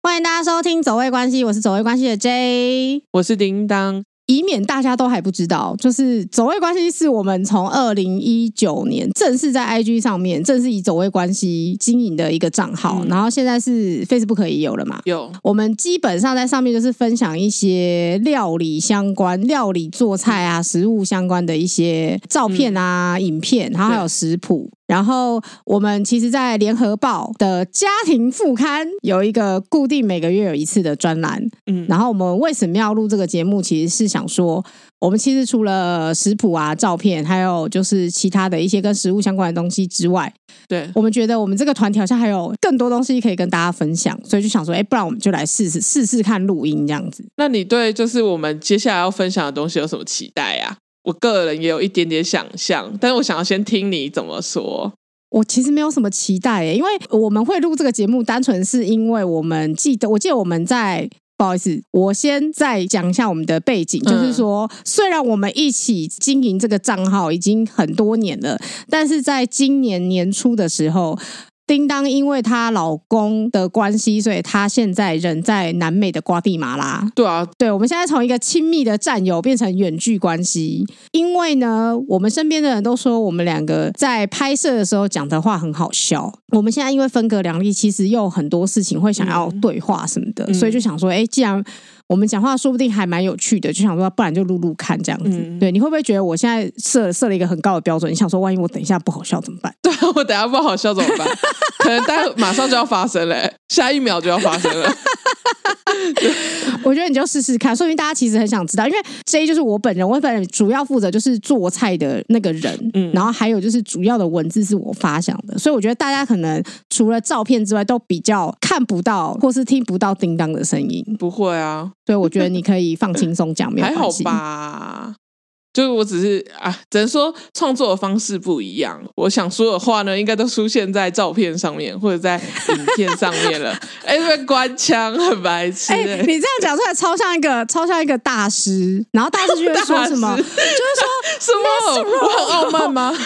歡迎大家收聽《走味關係》，我是走味關係的 J，我是叮當。以免大家都還不知道，就是走味關係是我們從二零一九年正式在 IG 上面正式以走味關係經營的一個賬號，嗯，然後現在是 Facebook 也有了嘛？有。我們基本上在上面就是分享一些料理相關、料理做菜啊、嗯、食物相關的一些照片啊、嗯、影片，然後還有食譜。然後我們其實，在聯合報的家庭副刊有一個固定每個月有一次的專欄。嗯，然後我們為什麼要錄這個節目？其實是想。想說，我們其實除了食譜啊、照片，還有就是其他的一些跟食物相關的東西之外，對，我們覺得我們這個團體好像還有更多東西可以跟大家分享，所以就想說，哎、欸，不然我們就來試試試試看錄音這樣子。那你對就是我們接下來要分享的東西有什麼期待呀、啊？我個人也有一點點想象，但是我想要先聽你怎麼說。我其實沒有什麼期待欸，因為我們會錄這個節目，單純是因為我們記得，我記得我們在。不好意思，我先再講一下我們的背景，嗯、就是說，雖然我們一起經營這個賬號已經很多年了，但是在今年年初的時候。叮當因為她老公的關係，所以她現在人在南美的瓜地馬拉。對啊，對，我們現在從一個親密的戰友變成遠距關係。因為呢，我們身邊的人都說我們兩個在拍攝的時候講的話很好笑。我們現在因為分隔兩地，其實又有很多事情會想要對話什麼的，嗯、所以就想說，哎，既然。我們講話說不定還蠻有趣的，就想說，不然就錄錄看這樣子。嗯。對，你會不會覺得我現在設設了一個很高的標準？你想說，萬一我等一下不好笑怎麼辦？對，我等一下不好笑怎麼辦？ 可能待會馬上就要發生了欸，下一秒就要發生了。 對。我覺得你就試試看，說明大家其實很想知道。因為這就是我本人，我本人主要負責就是做菜的那個人，嗯，然後還有就是主要的文字是我發想的，所以我覺得大家可能除了照片之外，都比較看不到或是聽不到叮當的聲音。不會啊。所以我覺得你可以放輕鬆講，沒關係。還好吧，就是我只是啊，只能說創作的方式不一樣。我想說的話呢，應該都出現在照片上面或者在影片上面了。哎、 欸，這個官腔很白痴、欸。哎、欸，你這樣講出來超像一個超像一個大師，然後大師就會說什麼， 大師就是說 什麼？我很傲慢嗎？就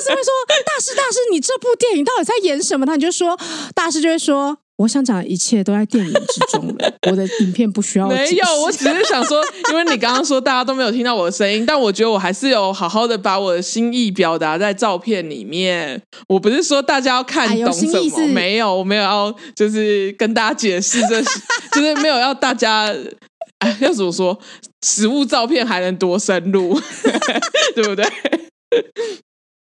是會說大師大師，你這部電影到底在演什麼？他你就說大師就會說。我想講的一切都在電影之中了。 我的影片不需要我。沒有，我只是想說，因為你剛剛說大家都沒有聽到我的聲音，但我覺得我還是有好好的把我的心意表達在照片裡面。我不是說大家要看懂什麼，哎、沒有，我沒有要，就是跟大家解釋這，就是沒有要大家。哎、要怎麼說？食物照片還能多深入， 對不對？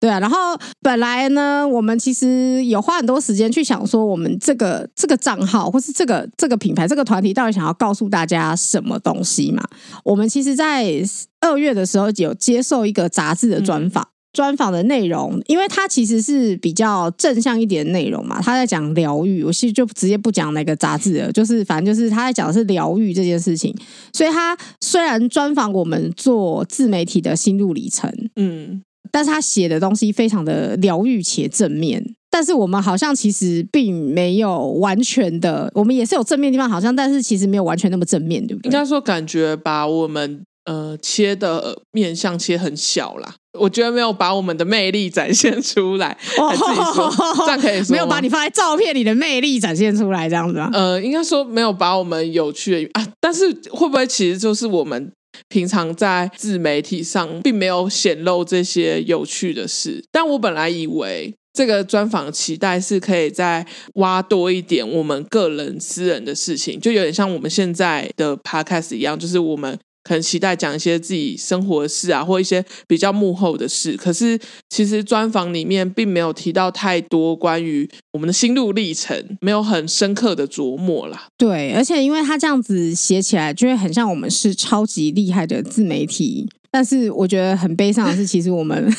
對啊，然後本來呢，我們其實有花很多時間去想說，我們這個這個賬號或是這個這個品牌、這個團體到底想要告訴大家什麼東西嘛？我們其實，在二月的時候有接受一個雜誌的專訪、嗯，專訪的內容，因為它其實是比較正向一點的內容嘛，他在講療癒。我其實就直接不講那個雜誌了，就是反正就是他在講的是療癒這件事情。所以他雖然專訪我們做自媒體的心路歷程，嗯。但是他寫的東西非常的療癒且正面，但是我們好像其實並沒有完全的，我們也是有正面的地方，好像，但是其實沒有完全那麼正面，對不對？應該說感覺把我們呃切的面相切很小啦，我覺得沒有把我們的魅力展現出來。Oh! 這樣可以說沒有把你放在照片裡的魅力展現出來，這樣子啊。呃，應該說沒有把我們有趣的啊，但是會不會其實就是我們？平常在自媒體上並沒有顯露這些有趣的事，但我本來以為這個專訪期待是可以再挖多一點我們個人私人的事情，就有點像我們現在的 podcast 一樣，就是我們。很期待講一些自己生活的事啊，或一些比較幕後的事。可是其實專訪裡面並沒有提到太多關於我們的心路歷程，沒有很深刻的琢磨啦。對，而且因為他這樣子寫起來，就會很像我們是超級厲害的自媒體。但是我覺得很悲傷的是，其實我們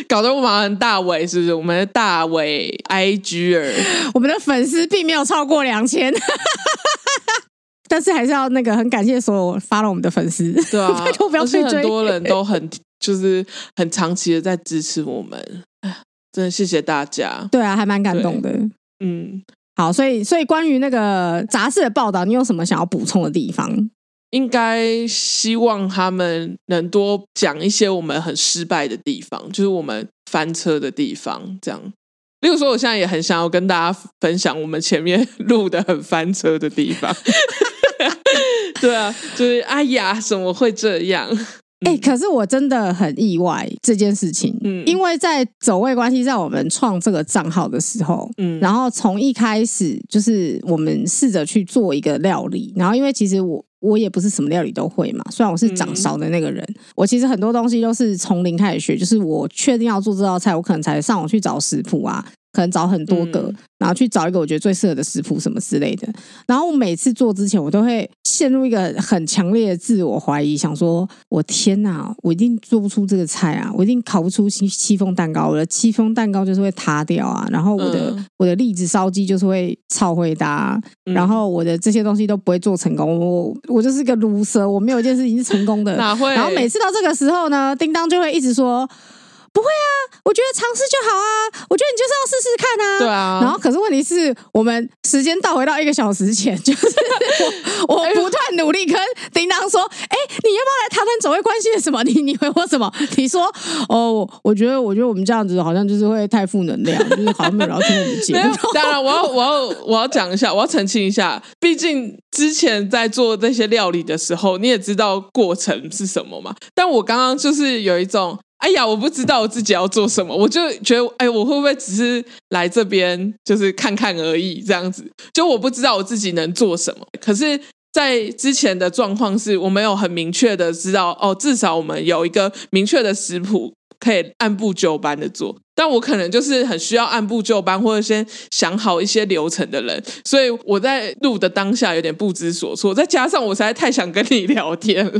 搞得我們很大尾是不是？我們的大尾 IG 爾 -er，我們的粉絲並沒有超過兩千。 但是還是要那個很感謝所有 follow 我們的粉絲，對啊， 不要追很多人都很 就是很長期的在支持我們，真的謝謝大家。對啊，還蠻感動的。嗯，好，所以所以關於那個雜誌的報道，你有什麼想要補充的地方？應該希望他們能多講一些我們很失敗的地方，就是我們翻車的地方。這樣，例如說，我現在也很想要跟大家分享我們前面錄的很翻車的地方。 對啊，就是哎呀，怎麼會這樣？哎、欸，可是我真的很意外這件事情。嗯，因為在走味關係，在我們創這個賬號的時候，嗯，然後從一開始就是我們試着去做一個料理，然後因為其實我我也不是什麼料理都會嘛，雖然我是掌勺的那個人、嗯，我其實很多東西都是從零開始學，就是我確定要做這道菜，我可能才上網去找食譜啊。可能找很多個、嗯，然後去找一個我覺得最適合的食譜什麼之類的。然後我每次做之前，我都會陷入一個很強烈的自我懷疑，想說：我天哪，我一定做不出這個菜啊！我一定烤不出戚風蛋糕，我的戚風蛋糕就是會塌掉啊！然後我的、嗯、我的栗子燒雞就是會炒灰搭、啊嗯。然後我的這些東西都不會做成功。我我就是個魯蛇，我沒有一件事情是成功的。 哪會？然後每次到這個時候呢，叮當就會一直說。不會啊，我覺得嘗試就好啊。我覺得你就是要試試看啊。對啊。然後，可是問題是我們時間倒回到一個小時前，就是我，我不斷努力跟叮當說：“哎、欸，你要不要來談談走味關係的什麼？你你問我什麼？你說哦，我覺得，我覺得我們這樣子好像就是會太負能量， 就是好像沒有聊天的節奏。當然，然我要，我要，我要講一下，我要澄清一下。畢竟之前在做那些料理的時候，你也知道過程是什麼嘛。但我剛剛就是有一種。哎呀，我不知道我自己要做什麼，我就覺得，哎，我會不會只是來這邊就是看看而已？這樣子，就我不知道我自己能做什麼。可是，在之前的狀況是，我沒有很明確的知道，哦，至少我們有一個明確的食譜，可以按部就班的做。但我可能就是很需要按部就班，或者先想好一些流程的人，所以我在錄的當下有點不知所措，再加上我實在太想跟你聊天了，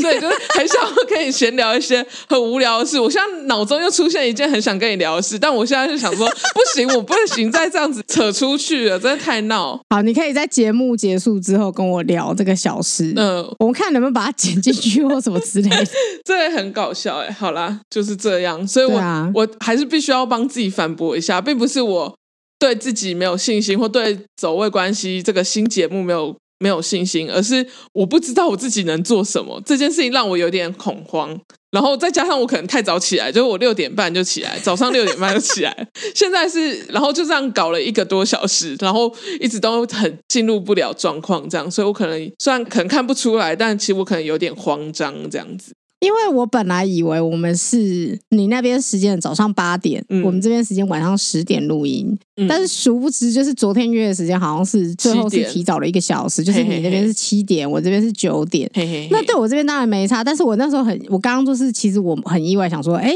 所以就是很想跟你閒聊一些很無聊的事。我現在腦中又出現一件很想跟你聊的事，但我現在就想說，不行，我不行，再這樣子扯出去了，真的太鬧。好，你可以在節目結束之後跟我聊這個小事。嗯、呃，我們看能不能把它剪進去或什麼之類的。 這也很搞笑哎、欸。好啦，就是這樣，所以我、啊、我還是。必須要幫自己反駁一下，並不是我對自己沒有信心，或對走味關係這個新節目沒有沒有信心，而是我不知道我自己能做什麼。這件事情讓我有點恐慌，然後再加上我可能太早起來，就是我六點半就起來，早上六點半就起來， 現在是，然後就這樣搞了一個多小時，然後一直都很進入不了狀況，這樣，所以我可能雖然可能看不出來，但其實我可能有點慌張，這樣子。因為我本來以為我們是你那邊時間早上八點、嗯，我們這邊時間晚上十點錄音，嗯、但是殊不知就是昨天約的時間好像是最後是提早了一個小時，就是你那邊是七點，嘿嘿嘿我這邊是九點嘿嘿嘿。那對我這邊當然沒差，但是我那時候很，我剛剛就是其實我很意外，想說，哎，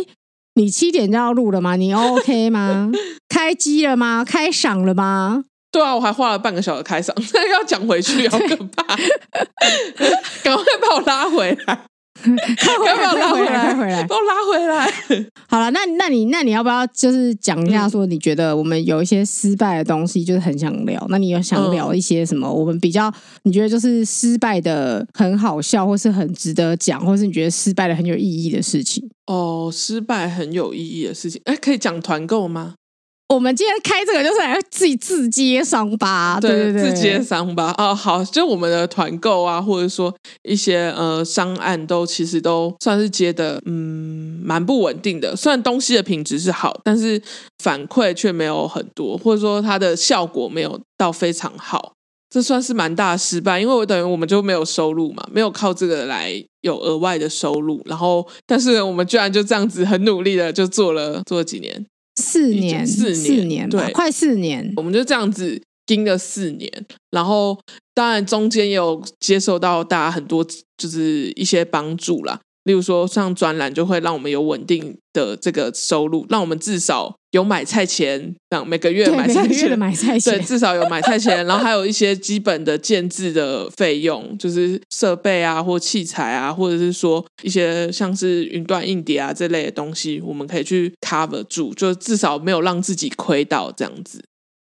你七點就要錄了嗎？你 OK 嗎？ 開機了嗎？開嗓了嗎？對啊，我還花了半個小時開嗓，那 要講回去，好可怕！ 趕快把我拉回來。趕 緊拉回來！ 可不可以把我拉回來！ 把我拉回來！好了，那那你那你要不要就是講一下說，你覺得我們有一些失敗的東西，就是很想聊。那你要想聊一些什麼？我們比較、嗯、你覺得就是失敗的很好笑，或是很值得講，或是你覺得失敗的很有意義的事情？哦，失敗很有意義的事情，哎、欸，可以講團購嗎？我們今天開這個就是來自己自揭傷疤，對對對，自揭傷疤哦。好，就我們的團購啊，或者說一些呃商案都，都其實都算是接的，嗯，蠻不穩定的。雖然東西的品質是好，但是反饋卻沒有很多，或者說它的效果沒有到非常好。這算是蠻大的失敗，因為我等於我們就沒有收入嘛，沒有靠這個來有額外的收入。然後，但是我們居然就這樣子很努力的就做了做了幾年。四年，四年，四年，對，快四年。我們就這樣子盯了四年，然後當然中間也有接受到大家很多，就是一些幫助啦。例如說，像專欄就會讓我們有穩定的這個收入，讓我們至少有買菜錢，這樣每個月的買菜錢，對，至少有買菜錢。 然後還有一些基本的建制的費用，就是設備啊，或器材啊，或者是說一些像是雲端硬碟啊這類的東西，我們可以去 cover 住，就至少沒有讓自己虧到這樣子。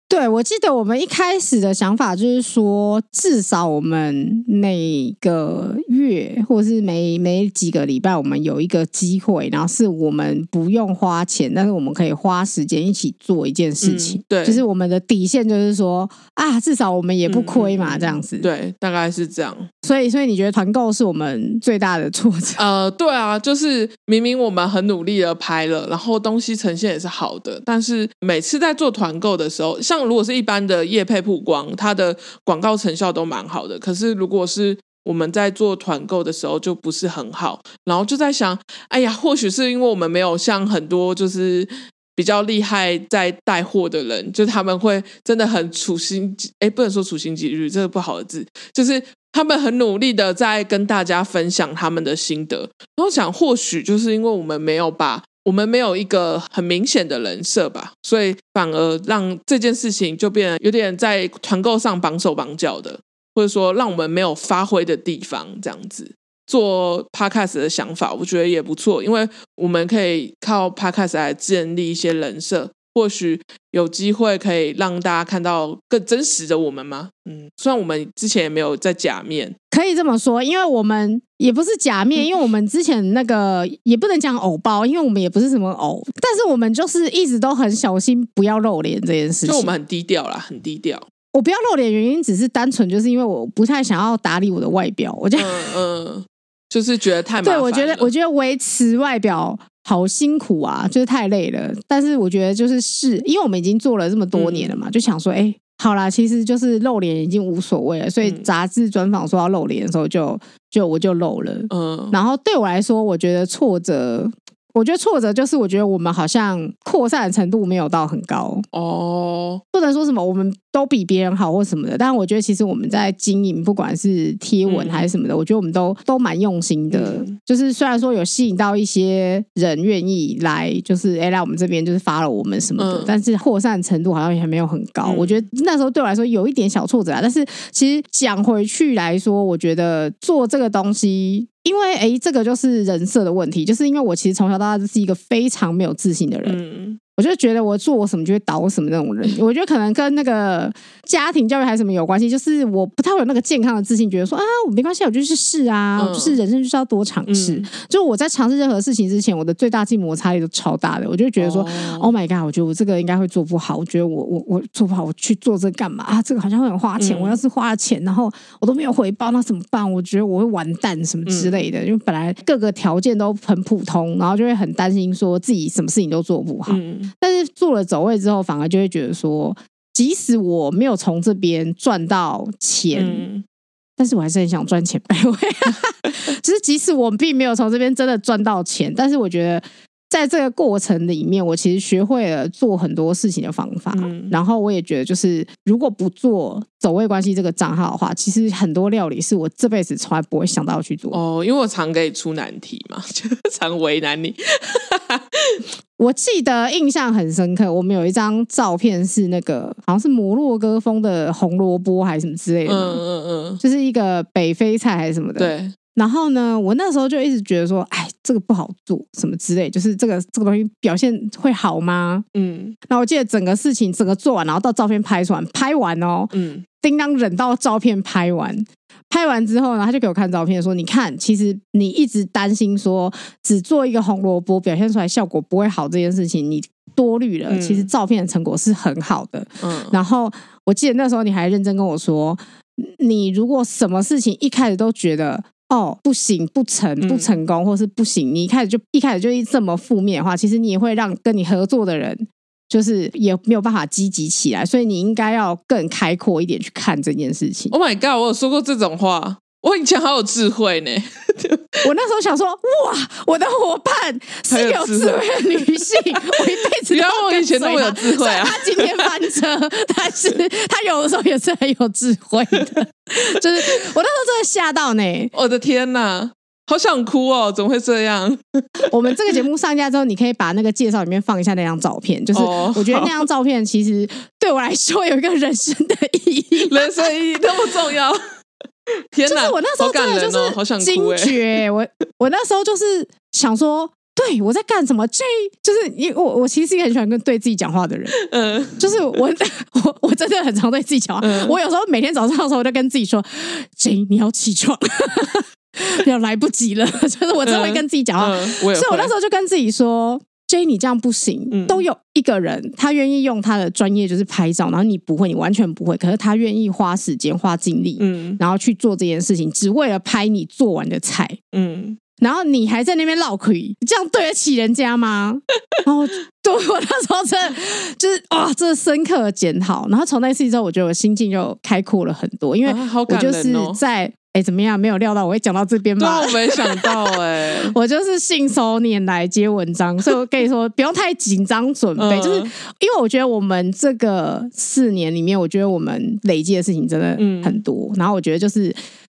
對，我記得我們一開始的想法就是說，至少我們每個月或者是每每幾個禮拜，我們有一個機會，然後是我們不用花錢，但是我們可以花時間一起做一件事情。嗯、對，就是我們的底線就是說，啊，至少我們也不虧嘛、嗯，這樣子。對，大概是這樣。所以，所以你覺得團購是我們最大的挫折？呃，對啊，就是明明我們很努力的拍了，然後東西呈現也是好的，但是每次在做團購的時候，像像如果是一般的業配曝光，它的廣告成效都蠻好的。可是如果是我們在做團購的時候，就不是很好。然後就在想，哎呀，或許是因為我們沒有像很多就是比較厲害在帶貨的人，就他們會真的很處心，哎，不能說處心積慮，這是不好的字，就是他們很努力的在跟大家分享他們的心得。然後想，或許就是因為我們沒有把。我們沒有一個很明顯的人設吧，所以反而讓這件事情就變有點在團購上綁手綁腳的，或者說讓我們沒有發揮的地方這樣子。做 podcast 的想法，我覺得也不錯，因為我們可以靠 podcast 來建立一些人設，或許有機會可以讓大家看到更真實的我們嗎？嗯，雖然我們之前也沒有在假面。可以這麼說，因為我們也不是假面，因為我們之前那個，也不能講偶包，因為我們也不是什麼偶，但是我們就是一直都很小心不要露臉這件事情。就我們很低調啦，很低調。我不要露臉的原因只是單純就是因為我不太想要打理我的外表，我就嗯，嗯，就是覺得太麻煩。對，我覺得我覺得維持外表好辛苦啊，就是太累了。但是我覺得就是是，因為我們已經做了這麼多年了嘛，嗯、就想說哎。欸好啦，其實就是露臉已經無所謂了，所以雜誌專訪說要露臉的時候就，就就我就露了。嗯，然後對我來說，我覺得挫折，我覺得挫折就是我覺得我們好像擴散的程度沒有到很高哦，不能說什麼我們。都比別人好或什麼的，但是我覺得其實我們在經營，不管是貼文還是什麼的，嗯、我覺得我們都都蠻用心的、嗯。就是雖然說有吸引到一些人願意來，就是哎，來我們這邊，就是 follow 我們什麼的，嗯、但是擴散程度好像也還沒有很高、嗯。我覺得那時候對我來說有一點小挫折啊。但是其實講回去來說，我覺得做這個東西，因為哎，這個就是人設的問題，就是因為我其實從小到大就是一個非常沒有自信的人。嗯我就覺得我做我什麼就會倒什麼那種人，我覺得可能跟那個家庭教育還是什麼有關係。就是我不太會有那個健康的自信，覺得說啊，我沒關係，我就去試啊，嗯、就是人生就是要多嘗試、嗯。就我在嘗試任何事情之前，我的最大靜摩擦力都超大的。我就覺得說、哦、Oh my god！我覺得我這個應該會做不好。我覺得我我我做不好，我去做這幹嘛啊？這個好像會很花錢、嗯，我要是花了錢，然後我都沒有回報，那怎麼辦？我覺得我會完蛋什麼之類的。嗯、因為本來各個條件都很普通，然後就會很擔心說自己什麼事情都做不好。嗯但是做了走味之後，反而就會覺得說，即使我沒有從這邊賺到錢、嗯，但是我還是很想賺錢擺位。 就是即使我並沒有從這邊真的賺到錢，但是我覺得在這個過程裡面，我其實學會了做很多事情的方法。嗯、然後我也覺得，就是如果不做走味關係這個賬號的話，其實很多料理是我這輩子從來不會想到去做哦。因為我常給你出難題嘛，就常為難你。 我記得印象很深刻，我們有一張照片是那個好像是摩洛哥風的紅蘿蔔還是什麼之類的，嗯嗯嗯，就是一個北非菜還是什麼的。對。然後呢，我那時候就一直覺得說，哎，這個不好做，什麼之類，就是這個這個東西表現會好嗎？嗯。那我記得整個事情整個做完，然後到照片拍出來，拍完哦，嗯，叮當忍到照片拍完。拍完之後呢，他就給我看照片，說：“你看，其實你一直擔心說只做一個紅蘿蔔表現出來效果不會好這件事情，你多慮了、嗯。其實照片的成果是很好的。嗯，然後我記得那時候你還認真跟我說，你如果什麼事情一開始都覺得哦不行、不成、不成功、嗯，或是不行，你一開始就一開始就一這麼負面的話，其實你也會讓跟你合作的人。”就是也沒有辦法積極起來，所以你應該要更開闊一點去看這件事情。Oh my god！我有說過這種話，我以前好有智慧呢。 我那時候想說，哇，我的夥伴是有智慧的女性， 我一輩子要。你要問我以前那麼有智慧啊， 她今天翻車，但是她有的時候也是很有智慧的。就是我那時候真的嚇到呢，我的天吶、啊好想哭哦！怎麼會這樣？ 我們這個節目上架之後，你可以把那個介紹裡面放一下那張照片。就是我覺得那張照片其實對我來說有一個人生的意義， 人生意義那麼重要。天哪！就是我那時候真的就是好感人哦，好想哭欸，驚覺，我我那時候就是想說，對我在幹什麼？J，就是因為我我其實是很喜歡跟對自己講話的人。嗯，就是我我我真的很常對自己講話，嗯。我有時候每天早上的時候，我就跟自己說：“J，你要起床。 ” 要來不及了，就是我只會跟自己講話、嗯，所以我那時候就跟自己說、嗯、：“J，你這樣不行，嗯、都有一個人他願意用他的專業就是拍照，然後你不會，你完全不會，可是他願意花時間花精力，嗯，然後去做這件事情，只為了拍你做完的菜，嗯，然後你還在那邊嘮嗑，這樣對得起人家嗎？”然後 對，我那時候真的就是啊，這深刻的檢討。然後從那一次之後，我覺得我心境就開闊了很多，因為我就是在。哦哎、欸，怎麼樣？沒有料到我會講到這邊嗎？那我沒想到哎、欸， 我就是信手拈來接文章，所以我跟你說， 不用太緊張準備，嗯、就是因為我覺得我們這個四年裡面，我覺得我們累積的事情真的很多，嗯、然後我覺得就是。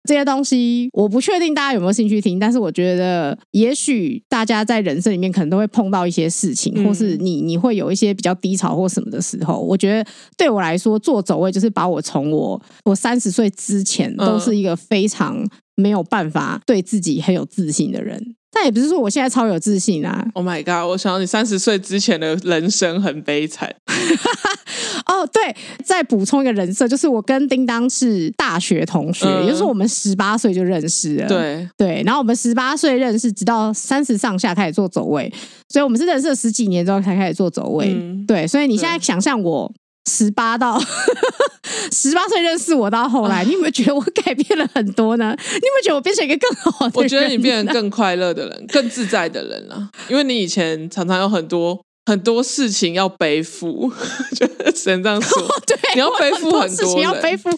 這些東西我不確定大家有沒有興趣聽，但是我覺得也許大家在人生裡面可能都會碰到一些事情，嗯、或是你你會有一些比較低潮或什麼的時候，我覺得對我來說做走味就是把我從我我三十歲之前都是一個非常沒有辦法對自己很有自信的人。但也不是說我現在超有自信啊！Oh my god！我想說你三十歲之前的人生很悲慘。 哦，對，再補充一個人設，就是我跟叮噹是大學同學，也、嗯、就是我們十八歲就認識了。對對，然後我們十八歲認識，直到三十上下開始做走味，所以我們是認識了十幾年之後才開始做走味。嗯、對，所以你現在想象我。十八到十八歲認識我，到後來，啊、你有沒有覺得我改變了很多呢？ 你有沒有覺得我變成一個更好的人、啊？我覺得你變成更快樂的人、更自在的人了、啊， 因為你以前常常有很多。很多事情要背負，就 只能這樣說。 對，你要背負很，很多事情要背負。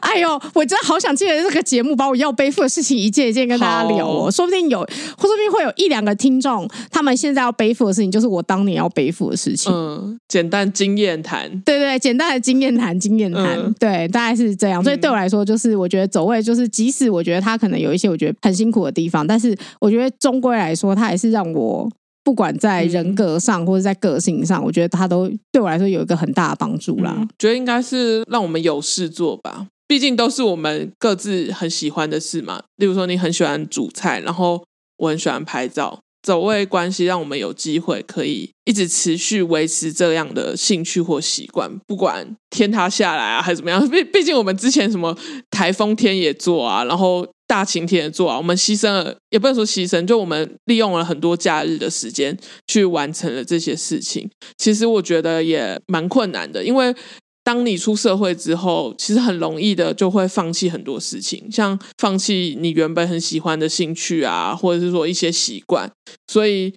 哎呦，我真的好想借著這個節目，把我要背負的事情一件一件跟大家聊哦。說不定有，說不定會有一兩個聽眾，他們現在要背負的事情，就是我當年要背負的事情。嗯，簡單經驗談。對，對對，簡單的經驗談，經驗談、嗯。對，大概是這樣。所以對我來說，就是我覺得走味，就是即使我覺得他可能有一些我覺得很辛苦的地方，但是我覺得終歸來說，他還是讓我。不管在人格上或者在個性上，嗯，我覺得他都對我來說有一個很大的幫助啦，嗯。覺得應該是讓我們有事做吧，畢竟都是我們各自很喜歡的事嘛。例如說，你很喜歡煮菜，然後我很喜歡拍照，走味關係讓我們有機會可以一直持續維持這樣的興趣或習慣，不管天塌下來啊還是怎麼樣。畢畢竟我們之前什麼颱風天也做啊，然後。大晴天做啊！我們犧牲了，也不能說犧牲，就我們利用了很多假日的時間去完成了這些事情。其實我覺得也蠻困難的，因為當你出社會之後，其實很容易的就會放棄很多事情，像放棄你原本很喜歡的興趣啊，或者是說一些習慣。所以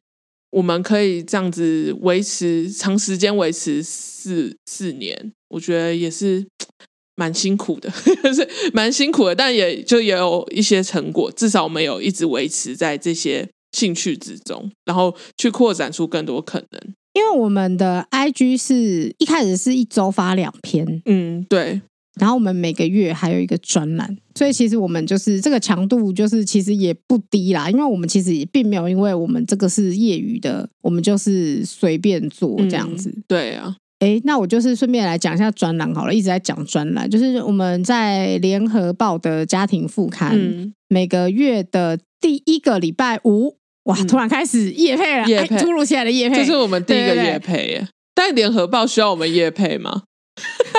我們可以這樣子維持，長時間維持四、四年，我覺得也是。蠻辛苦的， 是蠻辛苦的，但也就也有一些成果，至少我們有一直維持在這些興趣之中，然後去擴展出更多可能。因為我們的 IG 是一開始是一周發兩篇，嗯，對。然後我們每個月還有一個專欄，所以其實我們就是這個強度，就是其實也不低啦。因為我們其實也並沒有，因為我們這個是業餘的，我們就是隨便做這樣子。嗯，對啊。哎、欸，那我就是順便來講一下專欄好了，一直在講專欄，就是我們在聯合報的家庭副刊，嗯、每個月的第一個禮拜五，哇，嗯、突然開始業配了業配，哎，突如其來的業配，這，就是我們第一個業配耶。但聯合報需要我們業配嗎？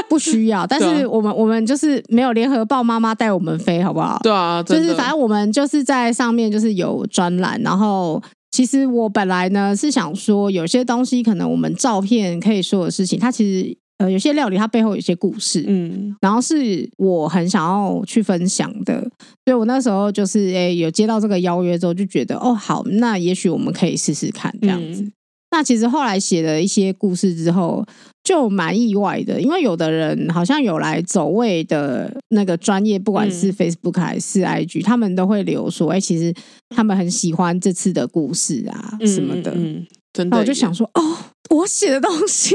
不需要，但是我們、啊、我們就是沒有聯合報媽媽帶我們飛，好不好？對啊，就是反正我們就是在上面就是有專欄，然後。其實我本來呢是想說，有些東西可能我們照片可以說的事情，它其實呃有些料理它背後有些故事，嗯，然後是我很想要去分享的，所以我那時候就是誒有接到這個邀約之後，就覺得哦好，那也許我們可以試試看這樣子。嗯那其實後來寫了一些故事之後，就蠻意外的，因為有的人好像有來走味的那個專業，不管是 Facebook 還是 IG、嗯、他們都會留說，哎、欸，其實他們很喜歡這次的故事啊、嗯、什麼的。嗯，嗯真的。然後我就想說，哦，我寫的東西。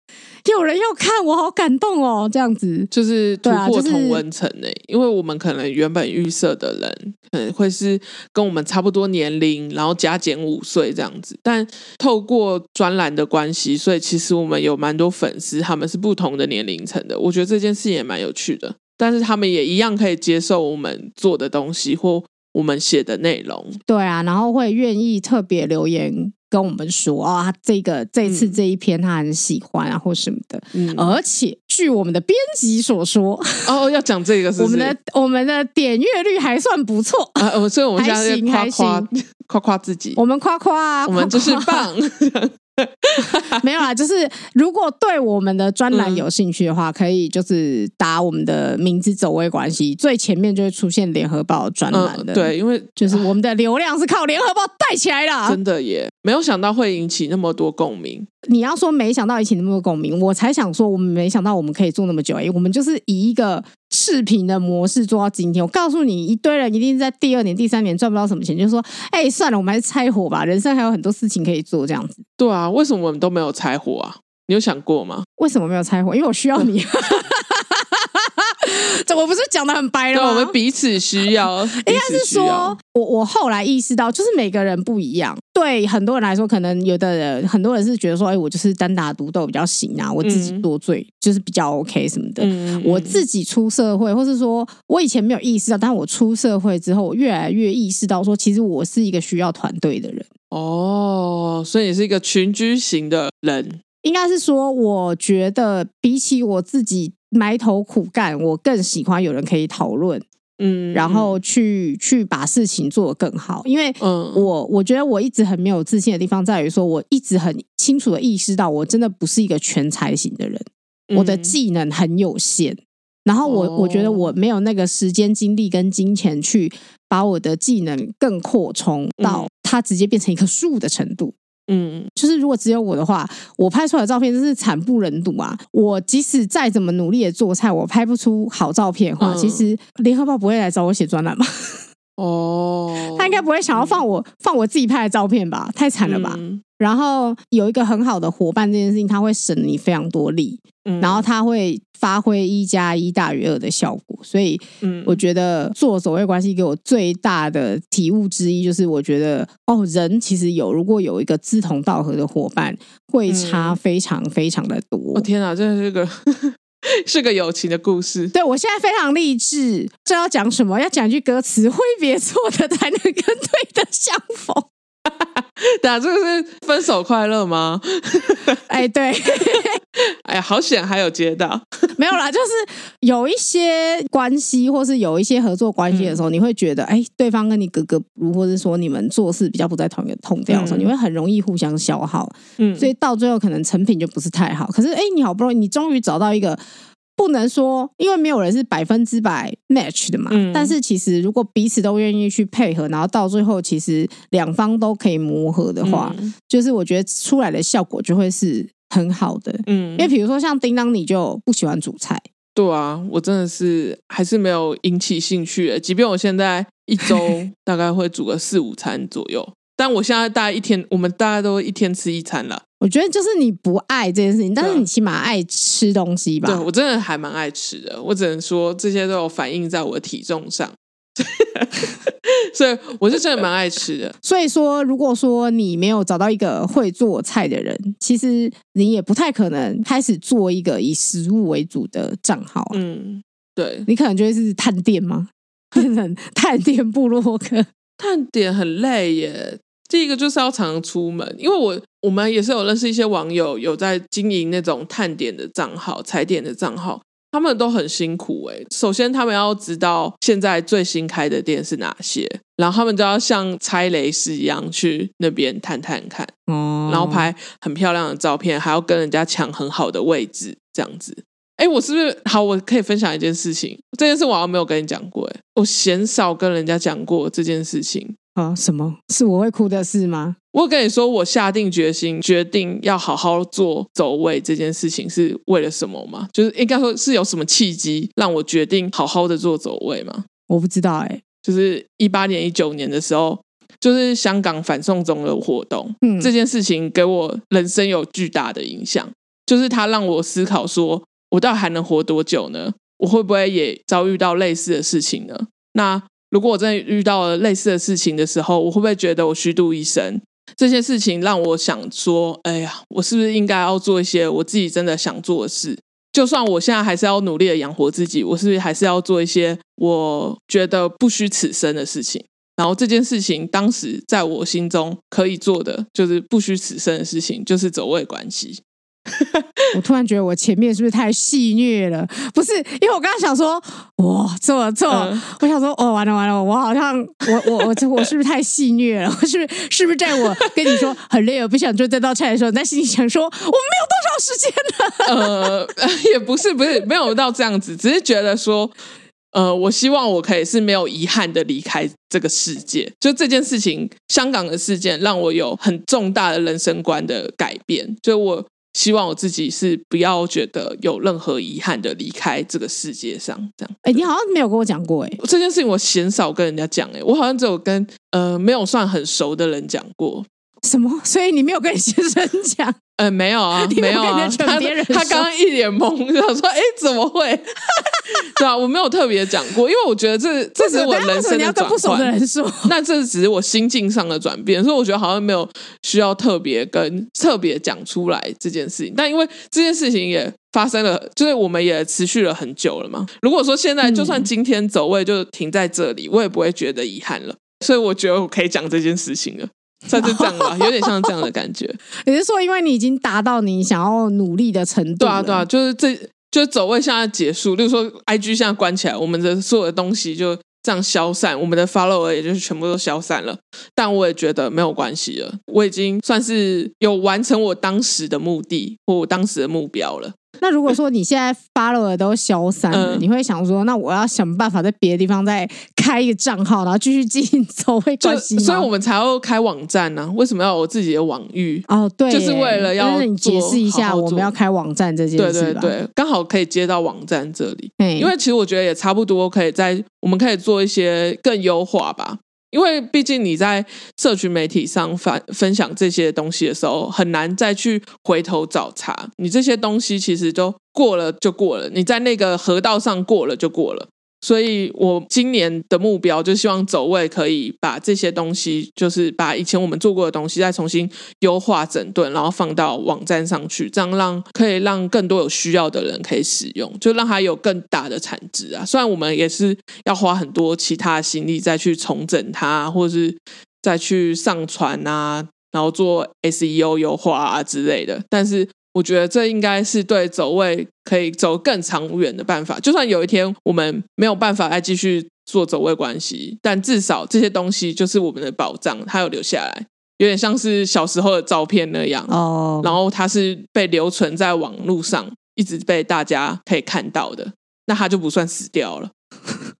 有人要看，我好感動哦！這樣子就是突破同溫層欸，因為我們可能原本預設的人，可能會是跟我們差不多年齡，然後加減五歲這樣子。但透過專欄的關係，所以其實我們有蠻多粉絲，他們是不同的年齡層的。我覺得這件事情也蠻有趣的，但是他們也一樣可以接受我們做的東西或我們寫的內容。對啊，然後會願意特別留言。跟我們說啊，這個這次這一篇他很喜歡啊，嗯、或什麼的。嗯、而且據我們的編輯所說，哦，要講這個是是，我們的我們的點閱率還算不錯啊，所以我們家開心，誇誇，還還誇誇自己，我們誇誇、啊，我們就是棒。誇誇 沒有啦，就是如果對我們的專欄有興趣的話、嗯，可以就是打我們的名字走味關係，最前面就會出現聯合報專欄的。嗯、對，因為就是我們的流量是靠聯合報帶起來的、啊，真的耶！沒有想到會引起那麼多共鳴。你要說沒想到引起那麼多共鳴，我才想說我們沒想到我們可以做那麼久、欸，我們就是以一個。視頻的模式做到今天，我告訴你一堆人一定在第二年、第三年賺不到什麼錢，就是說：“哎、欸，算了，我們還是拆夥吧。人生還有很多事情可以做。”這樣子。對啊，為什麼我們都沒有拆夥啊？你有想過嗎？為什麼沒有拆夥？因為我需要你。 這我不是講得很白了嗎？對，我們彼此,彼此需要。應該是說，我我後來意識到，就是每個人不一樣。對很多人來說，可能有的人，很多人是覺得說，哎、欸，我就是單打獨鬥比較行啊，我自己多嘴、嗯、就是比較 OK 什麼的、嗯。我自己出社會，或是說我以前沒有意識到，但我出社會之後，我越來越意識到說，其實我是一個需要團隊的人。哦，所以你是一個群居型的人。應該是說，我覺得比起我自己。埋頭苦幹，我更喜歡有人可以討論，嗯，然後去、嗯、去把事情做得更好。因為我，我、嗯、我覺得我一直很沒有自信的地方在於說，我一直很清楚的意識到，我真的不是一個全才型的人，嗯、我的技能很有限。然後我、哦、我覺得我沒有那個時間、精力跟金錢去把我的技能更擴充到它直接變成一棵樹的程度。嗯嗯嗯，就是如果只有我的話，我拍出來的照片真是慘不忍睹啊！我即使再怎麼努力的做菜，我拍不出好照片的話，嗯、其實《聯合報》不會來找我寫專欄吧？哦， 他應該不會想要放我、嗯、放我自己拍的照片吧？太慘了吧！嗯然後有一個很好的夥伴，這件事情他會省你非常多力，嗯、然後他會發揮一加一大於二的效果。所以，嗯、我覺得做走味關係給我最大的體悟之一，就是我覺得哦，人其實有如果有一個志同道合的夥伴，會差非常非常的多。我、嗯哦、天哪，這是一個 是個友情的故事。對，我現在非常勵志，這要講什麼？要講一句歌詞：揮別錯的，才能跟對的相逢。打 這個是分手快樂嗎？ 哎，對， 哎呀，好險還有接到。 沒有啦，就是有一些關係，或是有一些合作關係的時候、嗯，你會覺得，哎、欸，對方跟你格格不入，或者是說你們做事比較不在同一個調調的時候、嗯，你會很容易互相消耗、嗯。所以到最後可能成品就不是太好。可是，哎、欸，你好不容易，你終於找到一個。不能說，因為沒有人是百分之百 match 的嘛。嗯、但是其實，如果彼此都願意去配合，然後到最後，其實兩方都可以磨合的話、嗯，就是我覺得出來的效果就會是很好的。嗯，因為比如說像叮當，你就不喜歡煮菜。對啊，我真的是還是沒有引起興趣。即便我現在一周大概會煮個四五餐左右， 但我現在大概一天，我們大概都一天吃一餐了。我覺得就是你不愛這件事情，但是你起碼愛吃東西吧？對，我真的還蠻愛吃的，我只能說這些都有反映在我的體重上， 所以我是真的蠻愛吃的。所以說，如果說你沒有找到一個會做菜的人，其實你也不太可能開始做一個以食物為主的賬號啊。嗯，對，你可能覺得是探店嗎？ 探店部落客，探店很累耶。第一個就是要常常出門，因為我我們也是有認識一些網友，有在經營那種探店的賬號、踩點的賬號，他們都很辛苦誒、欸、首先，他們要知道現在最新開的店是哪些，然後他們就要像拆雷士一樣去那邊探探看，哦，然後拍很漂亮的照片，還要跟人家搶很好的位置，這樣子。哎、欸，我是不是好？我可以分享一件事情，這件事我還沒有跟你講過哎、欸，我鮮少跟人家講過這件事情。啊、哦，什麼是我會哭的事嗎？我跟你說，我下定決心，決定要好好做走味這件事情，是為了什麼嗎？就是應該說是有什麼契機讓我決定好好的做走味嗎？我不知道哎、欸，就是一八年、一九年的時候，就是香港反送中的活動、嗯，這件事情給我人生有巨大的影響，就是它讓我思考說，我到底還能活多久呢？我會不會也遭遇到類似的事情呢？那。如果我真的遇到了類似的事情的時候，我會不會覺得我虛度一生？這些事情讓我想說：哎呀，我是不是應該要做一些我自己真的想做的事？就算我現在還是要努力的養活自己，我是不是還是要做一些我覺得不虛此生的事情？然後這件事情當時在我心中可以做的就是不虛此生的事情，就是走味關係。 我突然覺得我前面是不是太戲謔了？不是，因為我剛剛想說，哇，錯了錯了、呃！我想說，哦，完了完了，我好像，我我我我是不是太戲謔了？我是不是是不是在我跟你說很累我不想做這道菜的時候，那心裡想說我沒有多少時間了呃？呃，也不是，不是沒有到這樣子，只是覺得說，呃，我希望我可以是沒有遺憾的離開這個世界。就這件事情，香港的事件讓我有很重大的人生觀的改變。就我。希望我自己是不要覺得有任何遺憾的離開這個世界上，這樣。哎、欸，你好像沒有跟我講過、欸，哎，這件事情我鮮少跟人家講，哎，我好像只有跟呃沒有算很熟的人講過。什麼？所以你沒有跟先生講？呃，沒有啊，沒有,沒有啊。他剛剛一臉懵，想說，哎、欸，怎麼會？ 對啊，我沒有特別講過，因為我覺得這這只是我人生的轉換。你要跟不熟的人說。那這只是我心境上的轉變，所以我覺得好像沒有需要特別跟特別講出來這件事情。但因為這件事情也發生了，就是我們也持續了很久了嘛。如果說現在就算今天走味就停在這裡，嗯、我也不會覺得遺憾了。所以我覺得我可以講這件事情了，算是這樣吧，有點像這樣的感覺。也就 是說因為你已經達到你想要努力的程度？對啊，對啊，就是這。就走味，現在結束。例如說，IG 現在關起來，我們的所有的東西就這樣消散，我們的 follower 也就全部都消散了。但我也覺得沒有關係了，我已經算是有完成我當時的目的，或我當時的目標了。那如果說你現在 follow 的都消散了，嗯，你會想說，那我要想辦法在別的地方再開一個賬號然後繼續進行走味關係。所以，我們才要開網站呢？啊，為什麼要有我自己的網域？哦，對，就是為了要是你解釋一下好好，我們要開網站這件事。對、對對對，剛好可以接到網站這裡。嗯、因為其實我覺得也差不多，可以在我們可以做一些更優化吧。因為畢竟你在社群媒體上分分享這些東西的時候，很難再去回頭找茬，你這些東西其實都過了就過了，你在那個河道上過了就過了。所以我今年的目標就希望走味，可以把這些東西，就是把以前我們做過的東西，再重新優化整頓，然後放到網站上去，這樣讓可以讓更多有需要的人可以使用，就讓它有更大的產值啊。雖然我們也是要花很多其他的心力再去重整它，或者是再去上傳啊，然後做 SEO 優化啊之類的，但是。我覺得這應該是對走味可以走更長遠的辦法。就算有一天我們沒有辦法再繼續做走味關係，但至少這些東西就是我們的保障，它有留下來，有點像是小時候的照片那樣。哦、oh.。然後它是被留存在網絡上，一直被大家可以看到的，那它就不算死掉了。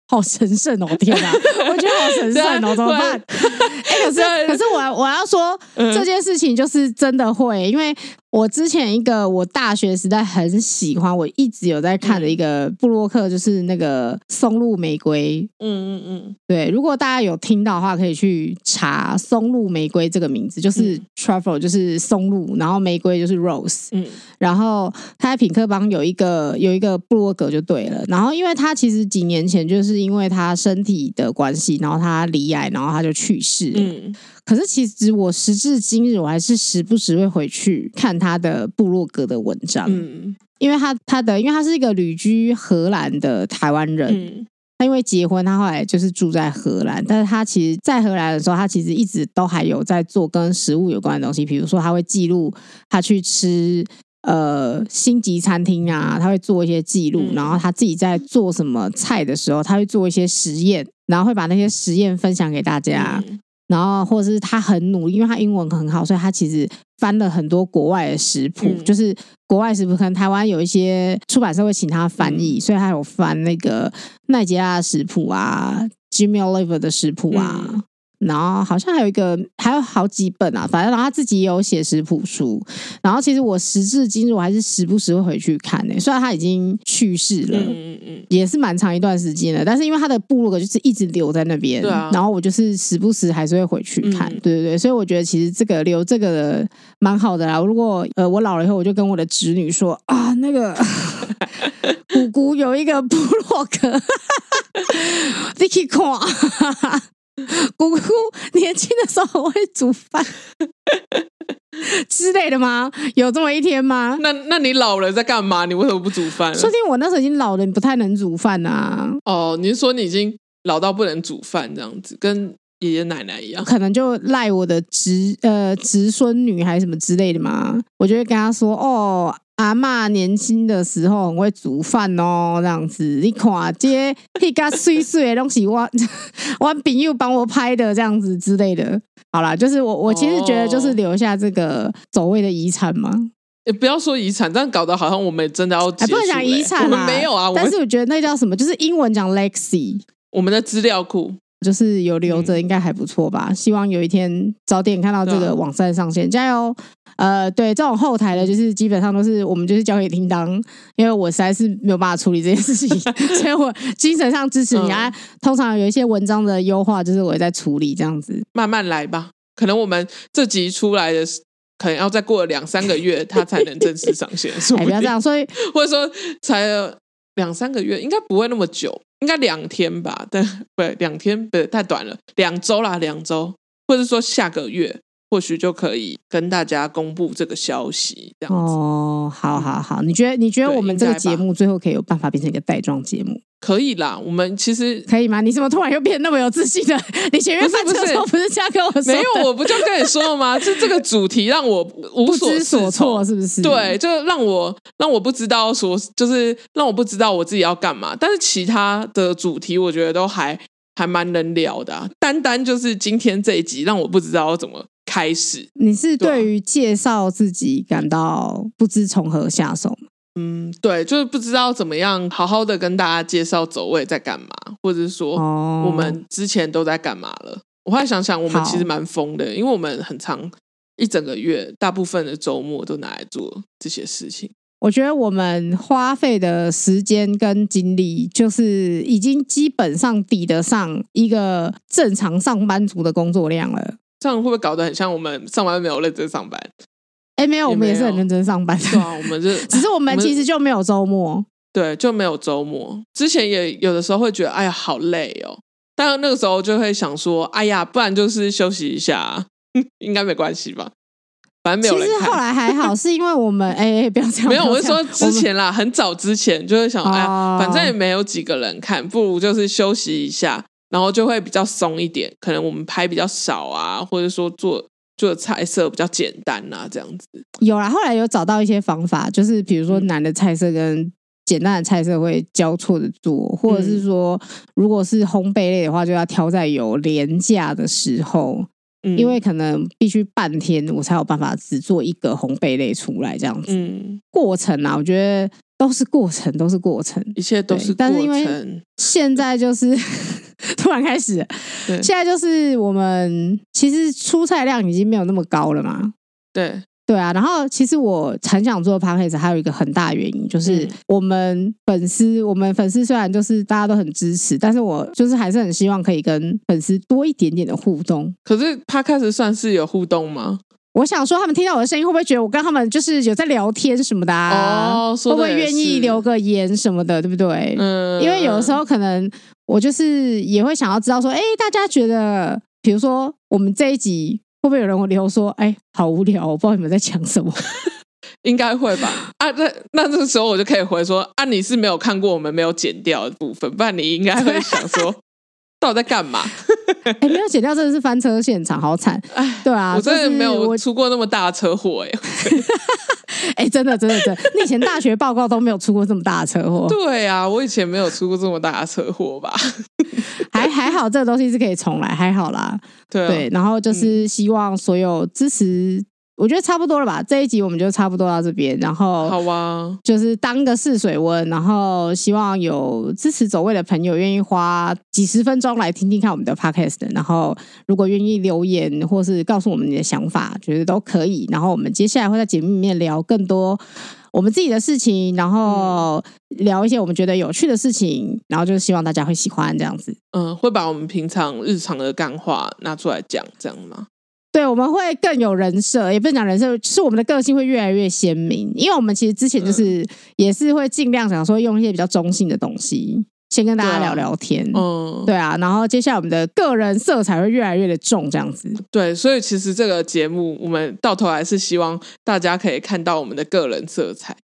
好神聖哦！天啊， 我覺得好神聖哦！ 怎麼辦？哎、 欸，可是可是我我要說、嗯、這件事情就是真的會，因為。我之前一個我大學時代很喜歡，我一直有在看的一個部落客，就是那個松露玫瑰。嗯嗯嗯，對，如果大家有聽到的話，可以去查松露玫瑰這個名字，就是 truffle，、嗯、就是松露，然後玫瑰就是 rose。嗯，然後他在痞客邦有一個有一個部落格就對了，然後因為他其實幾年前就是因為他身體的關係，然後他罹癌，然後他就去世了。嗯。可是其實我時至今日，我還是時不時會回去看他的部落格的文章，嗯，因為他他的，因為他是一個旅居荷蘭的台灣人，他因為結婚，他後來就是住在荷蘭，但是他其實在荷蘭的時候，他其實一直都還有在做跟食物有關的東西，比如說他會記錄他去吃呃星級餐廳啊，他會做一些記錄，然後他自己在做什麼菜的時候，他會做一些實驗，然後會把那些實驗分享給大家。然後，或者是他很努力，因為他英文很好，所以他其實翻了很多國外的食譜、嗯，就是國外食譜。可能台灣有一些出版社會請他翻譯，所以他有翻那個奈吉拉食譜啊，Jimmy Oliver 的食譜啊。嗯然後好像還有一個，還有好幾本啊，反正然後他自己也有寫食譜書。然後其實我時至今日，我還是時不時會回去看呢、欸。雖然他已經去世了，嗯嗯也是蠻長一段時間了。但是因為他的部落格就是一直留在那邊、啊，然後我就是時不時還是會回去看，對、嗯、對對。所以我覺得其實這個留這個的蠻好的啦。如果呃我老了以後，我就跟我的侄女說啊，那個姑姑 有一個部落格， 你可以看。姑姑年輕的時候我會煮飯 之類的嗎？有這麼一天嗎？那那你老了在幹嘛？你為什麼不煮飯？說不定我那時候已經老了，你不太能煮飯啊。哦，你是說你已經老到不能煮飯這樣子，跟爺爺奶奶一樣？可能就賴我的侄呃侄孫女還是什麼之類的嗎？我就會跟他說哦。阿媽年輕的時候很會煮飯哦，這樣子你看， 這些黑咖碎碎的東西，我 我朋友幫我拍的，這樣子之類的。好啦，就是我我其實覺得就是留下這個所謂的遺產嘛、欸。不要說遺產，但搞得好像我們真的要、欸欸、不能講遺產嘛、啊？我們沒有啊我們，但是我覺得那叫什麼？就是英文講 legacy，我們的資料庫。就是有留着，應該還不錯吧、嗯。希望有一天早點看到這個網站上線，嗯、加油！呃，對，這種後台的，就是基本上都是我們就是交給叮當，因為我實在是沒有辦法處理這件事情， 所以我精神上支持你、嗯、啊。通常有一些文章的優化，就是我也在處理，這樣子慢慢來吧。可能我們這集出來的，可能要再過了兩三個月，它 才能正式上線。哎，不要這樣，所以或者說才有。兩三個月應該不會那麼久，應該兩天吧？對，不對，兩天不對，太短了，兩週啦，兩週，或者說下個月。或許就可以跟大家公布這個消息，這樣哦。好好好，你覺得你覺得我們這個節目最後可以有辦法變成一個帶狀節目？可以啦，我們其實可以嗎？你怎麼突然又變那麼有自信的？你前面上車的時候不是這樣跟我說？不是不是，沒有，我不就跟你說了嗎？ 是這個主題讓我無所措，不知所措，是不是？對，就讓我讓我不知道說，就是讓我不知道我自己要幹嘛。但是其他的主題，我覺得都還還蠻能聊的啊。單單就是今天這一集，讓我不知道要怎麼。開始，你是對於介紹自己感到不知從何下手嗎？啊。嗯，對，就是不知道怎麼樣好好的跟大家介紹走味在幹嘛，或者說我們之前都在幹嘛了。哦、我後來想想，我們其實蠻瘋的，因為我們很長一整個月，大部分的周末都拿來做這些事情。我覺得我們花費的時間跟精力，就是已經基本上抵得上一個正常上班族的工作量了。這樣會不會搞得很像我們上班沒有認真上班？欸，沒有沒有，我們也是很認真上班的，對啊，我們是， 只是我們其實就沒有周末，對，就沒有周末。之前也有的時候會覺得哎呀好累哦，但那個時候就會想說哎呀，不然就是休息一下啊， 應該沒關係吧？反正沒有。其實後來還好， 是因為我們哎哎，不要這樣，沒有。我是說之前啦，很早之前就會想，oh. 哎呀，反正也沒有幾個人看，不如就是休息一下。然後就會比較鬆一點，可能我們拍比較少啊，或者說做做的菜色比較簡單啊，這樣子。有啊。後來有找到一些方法，就是比如說難的菜色跟簡單的菜色會交錯的做，或者是說、嗯，如果是烘焙類的話，就要挑在有連假的時候，嗯、因為可能必須半天我才有辦法只做一個烘焙類出來，這樣子。嗯、過程啊，我覺得都是過程，都是過程，一切都是過程，但是因為現在就是。 突然開始，現在就是我們其實出菜量已經沒有那麼高了嘛。對對啊，然後其實我很想做 Podcast 還有一個很大的原因就是、嗯、我們粉絲，我們粉絲雖然就是大家都很支持，但是我就是還是很希望可以跟粉絲多一點點的互動。可是 Podcast 算是有互動嗎？我想說，他們聽到我的聲音，會不會覺得我跟他們就是有在聊天什麼的、啊？哦，會不會願意留個言什麼的，對不對？嗯，因為有的時候可能。我就是也會想要知道說，哎，大家覺得，比如說我們這一集會不會有人會留言說，哎，好無聊哦，我不知道你們在講什麼， 應該會吧？啊，那那這個時候我就可以回說，啊，你是沒有看過我們沒有剪掉的部分，不然你應該會想說。 到底在幹嘛？哎、欸，沒有剪掉，真的是翻車現場，好慘！對啊、就是，我真的沒有出過那麼大的車禍哎、欸！哎、欸，真的真的真的，你以前大學報告都沒有出過這麼大的車禍。對啊，我以前沒有出過這麼大的車禍吧？還還好，這個東西是可以重來，還好啦。對、啊對，然後就是希望所有支持。我覺得差不多了吧，這一集我們就差不多到這邊。然後，好吧，就是當個試水溫。然後，希望有支持走味的朋友，願意花幾十分鐘來聽聽看我們的 podcast 的。然後，如果願意留言或是告訴我們你的想法，覺得都可以。然後，我們接下來會在節目裡面聊更多我們自己的事情，然後聊一些我們覺得有趣的事情。然後，就是希望大家會喜歡這樣子。嗯，會把我們平常日常的幹話拿出來講，這樣嗎？對，我們會更有人設，也不是講人設，是我們的個性會越來越鮮明。因為我們其實之前就是、嗯、也是會盡量想說用一些比較中性的東西，先跟大家聊聊天。對啊、嗯，對啊，然後接下來我們的個人色彩會越來越的重，這樣子。對，所以其實這個節目，我們到頭來是希望大家可以看到我們的個人色彩，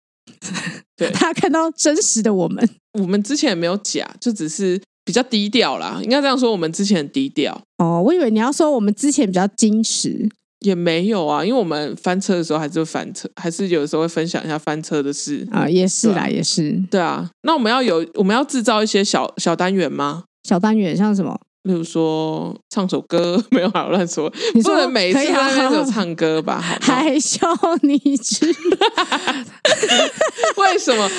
對，大 家看到真實的我們。 我們之前也沒有假，就只是。比較低調啦，應該這樣說。我們之前很低調哦，我以為你要說我們之前比較矜持，也沒有啊。因為我們翻車的時候還是會翻車，還是有的時候會分享一下翻車的事啊，也是啦，啊，也是。對啊，那我們要有，我們要製造一些小小單元嗎？小單元像什麼？比如說唱首歌沒有，好亂說，你說的每次都唱歌吧？海嘯、啊、你知道、 嗯、為什麼？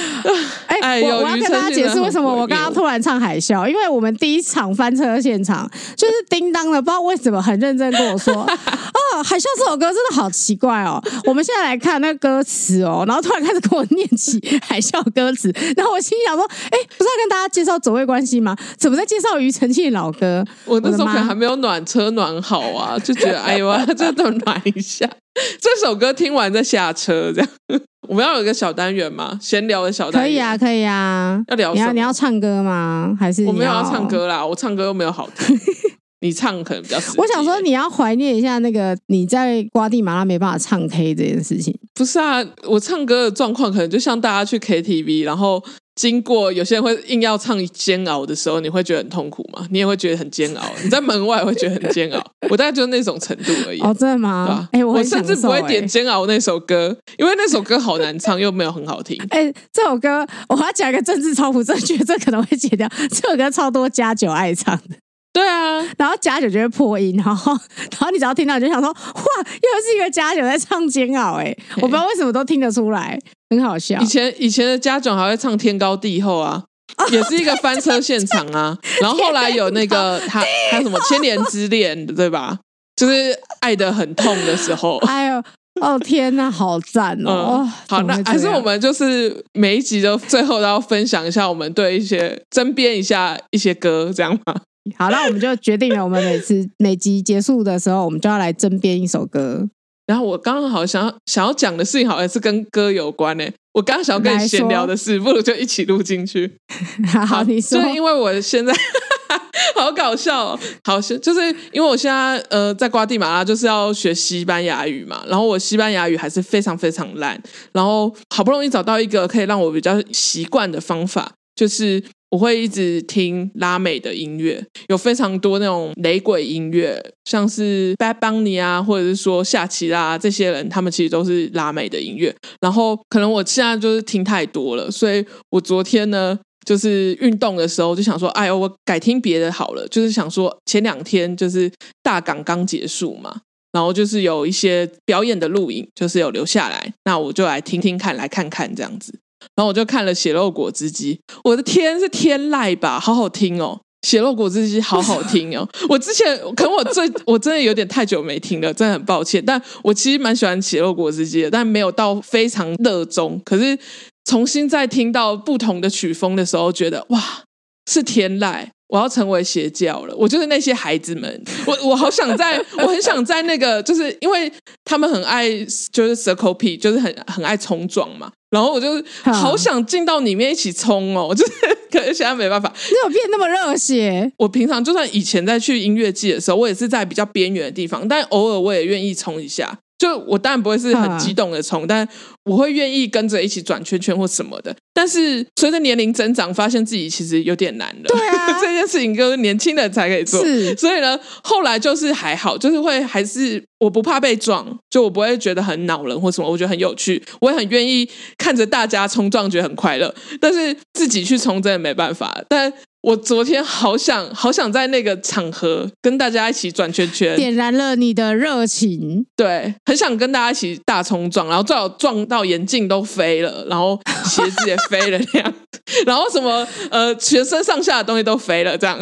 欸、哎我，我要跟大家解釋為什麼我剛剛突然唱海嘯、哎，因為我們第一場翻車現場就是叮噹的，不知道為什麼很認真跟我說 啊，海嘯這首歌真的好奇怪哦。 我們現在來看那個歌詞哦，然後突然開始跟我念起海嘯歌詞，然後我心裡想說，哎、欸，不是要跟大家介紹走味關係嗎？怎麼在介紹庾澄慶老歌？我那時候可能還沒有暖車暖好啊，就覺得哎呦、啊，這都暖一下。 這首歌聽完再下車，這樣 我們要有一個小單元嗎？閒聊的小單元。可以啊，可以啊。要聊你要你要唱歌嗎？還是你我沒有要唱歌啦，我唱歌又沒有好聽。 你唱可能比較。我想說你要懷念一下那個你在瓜地馬拉沒辦法唱 K 這件事情。不是啊，我唱歌的狀況可能就像大家去 KTV，然後。經過有些人會硬要唱煎熬的時候，你會覺得很痛苦嗎？你也會覺得很煎熬，你在門外會覺得很煎熬。 我大概就是那種程度而已。哦、oh,，真的嗎？對吧？哎、欸欸，我甚至不會點煎熬那首歌，因為那首歌好難唱， 又沒有很好聽。哎、欸，這首歌我要講一個政治超不正確，我覺得這可能會剪掉。這首歌超多家酒愛唱的。對啊，然後嘉酒就會破音，然後然後你只要聽到你就想說哇，又是一個嘉酒在唱煎熬。哎、欸，我不知道為什麼都聽得出來，很好笑。以前以前的嘉九還會唱天高地厚啊，哦，也是一個翻車現場啊。然後後來有那個他他什麼千年之戀，對吧？就是愛得很痛的時候，哎呦哦天哪，好讚哦！嗯，哦好，那還是我們就是每一集都最後都要分享一下我們對一些爭辯一下一些歌這樣嘛。好，那我們就決定了。我們每次 每集結束的時候，我們就要來甄編一首歌。然後我剛剛好想要想要講的事情，好像是跟歌有關呢、欸。我剛想要跟你閒聊的事，不如就一起錄進去 好。好，你說，就因為我現在哈哈 好搞笑哦。好，就是因為我現在呃在瓜地馬拉，就是要學西班牙語嘛。然後我西班牙語還是非常非常爛。然後好不容易找到一個可以讓我比較習慣的方法。就是我會一直聽拉美的音樂，有非常多那種雷鬼音樂，像是 Bad Bunny 啊，或者是說夏奇拉啊，這些人，他們其實都是拉美的音樂。然後可能我現在就是聽太多了，所以我昨天呢，就是運動的時候就想說，哎呦，我改聽別的好了。就是想說前兩天就是大港剛結束嘛，然後就是有一些表演的錄影，就是有留下來，那我就來聽聽看，來看看這樣子。然後我就看了《血肉果汁機》，我的天，是天籟吧，好好聽哦，《血肉果汁機》好好聽哦。我之前可能我最我真的有點太久沒聽了，真的很抱歉。但我其實蠻喜歡《血肉果汁機》的，但沒有到非常熱衷。可是重新再聽到不同的曲風的時候，覺得哇，是天籟！我要成為邪教了，我就是那些孩子們，我我好想在，我很想在那個，就是因為他們很愛，就是 circle pit，就是很很愛衝撞嘛。然後我就好想進到裡面一起衝哦，我就是可是現在沒辦法。你有變那麼熱血？我平常就算以前在去音樂季的時候，我也是在比較邊緣的地方，但偶爾我也願意衝一下。就我當然不會是很激動的衝，啊，但我會願意跟着一起轉圈圈或什麼的。但是隨着年齡增長，發現自己其實有點難了。對啊，這件事情就是年輕人才可以做。是，所以呢，後來就是還好，就是會還是我不怕被撞，就我不會覺得很惱人或什麼，我覺得很有趣，我也很願意看着大家衝撞，覺得很快樂。但是自己去衝真的沒辦法。但我昨天好想好想在那個場合跟大家一起轉圈圈，點燃了你的熱情，對，很想跟大家一起大衝撞，然後最好撞到眼鏡都飛了，然後鞋子也飛了這樣， 然後什麼呃，全身上下的東西都飛了這樣。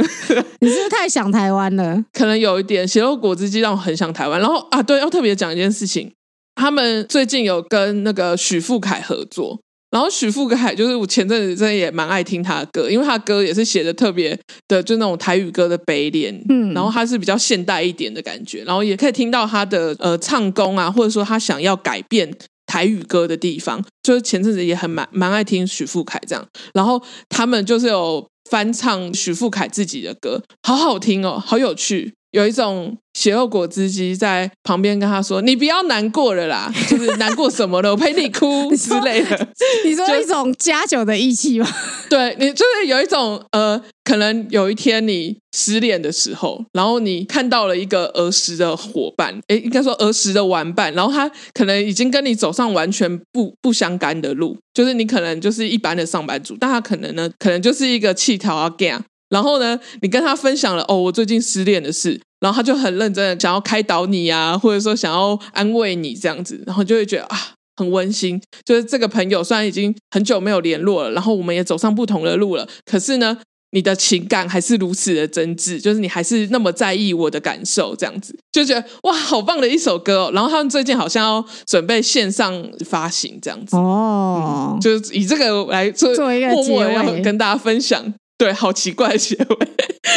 你是不是太想台灣了？可能有一點，血肉果汁機讓我很想台灣。然後啊，對，要特別講一件事情，他們最近有跟那個許富凱合作。然後許富凱就是我前陣子真的也蠻愛聽他的歌，因為他的歌也是寫的特別的，就那種台語歌的悲戀。嗯，然後他是比較現代一點的感覺，然後也可以聽到他的呃唱功啊，或者說他想要改變台語歌的地方，就是前陣子也很蠻蠻愛聽許富凱這樣。然後他們就是有翻唱許富凱自己的歌，好好聽哦，好有趣。有一種邪惡果汁機在旁邊跟他說：“你不要難過了啦，就是難過什麼的， 我陪你哭之類的。 你”你說一種加酒的義氣嗎？對，你就是有一種呃，可能有一天你失戀的時候，然後你看到了一個兒時的夥伴，哎，應該說兒時的玩伴，然後他可能已經跟你走上完全不不相干的路，就是你可能就是一般的上班族，但他可能呢，可能就是一個氣條啊 g a 然後呢，你跟他分享了哦，我最近失戀的事，然後他就很認真的想要開導你啊，或者說想要安慰你這樣子，然後就會覺得啊，很溫馨。就是這個朋友雖然已經很久沒有聯絡了，然後我們也走上不同的路了，可是呢，你的情感還是如此的真摯，就是你還是那麼在意我的感受這樣子，就覺得哇，好棒的一首歌哦。然後他們最近好像要準備線上發行這樣子哦。oh. 嗯，就是以這個來做做一個結尾，跟大家分享。對，好奇怪結尾。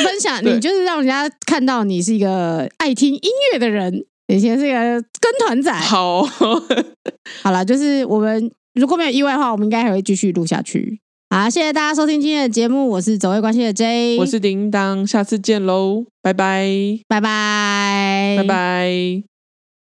分享你就是讓人家看到你是一個愛聽音樂的人，以前是一個跟團仔。好， 好了，就是我們如果沒有意外的話，我們應該還會繼續錄下去。好，謝謝大家收聽今天的節目，我是走味關係的 J，我是叮噹，下次見嘍，拜拜，拜拜，拜拜。Bye bye